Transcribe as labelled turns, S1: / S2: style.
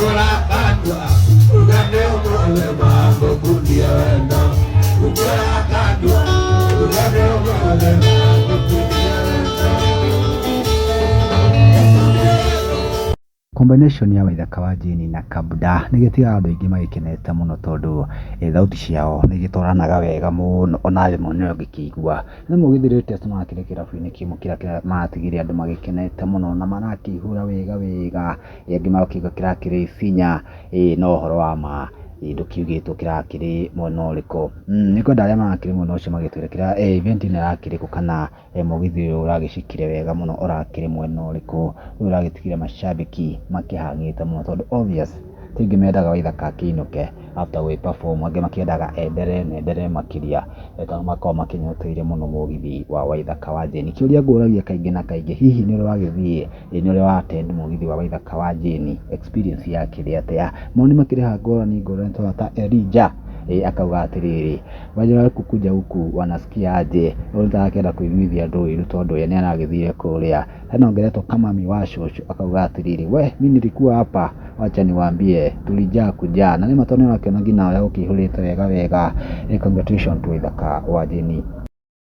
S1: ธุระ combination ya waithaka wa jini na kabda nä gä tigaga andå aingä kenete må no tondå eh, thauti ciao nä igätwaranaga wega må no ona thimo nä ngä kä igua nä må gä thä rä te makä rä kä rabu-inä kä må kä rä a maratigä re andå må no na marakä ihå ra wega wega eh, angä magakĩigua kĩrakĩrĩ ibinya eh, na å horo wa ma ndũkiugĩtwo kĩrakĩrĩ mwena ũrĩkũ, mm, nĩngwenda arĩa marakĩrĩ mwena ũcio magĩtwĩre kĩrĩa event ĩno ĩrakĩrĩkũ kana mũgithi ũyũ ũragĩcikire wega mũno ũrakĩrĩ mwena ũrĩkũ, ũyũ ũragĩtigire macambĩki makĩhang'ĩte mũno tondũ obvious, ti aingĩ mendaga waithaka kaakĩinũke after we perform angä makiendaga endere na makiria eta tondũ makoragwo muno mugithi wa Waithaka wa Jane. kiuria ngoragia kaingi na kaingi hihi ni rwa githie ni nĩ ũrĩ wa attend mugithi wa Waithaka wa Jane experience ya kiria tia moni makire ha ngora ni ngora ngũrani tondũ erija e akauga atiriri wajira kukuja huku wanasikia aje ũyũ nĩtarakĩenda kũiguithia andũ ũiru tondũ ye nĩaragĩthire kuria hena ngereto kama miwasho akauga atiriri we mimi nilikuwa hapa wacha niwaambie tulijaa kujaa na nä matonä ona ihå rä te wega wega congratulation twĩ thaka wanjini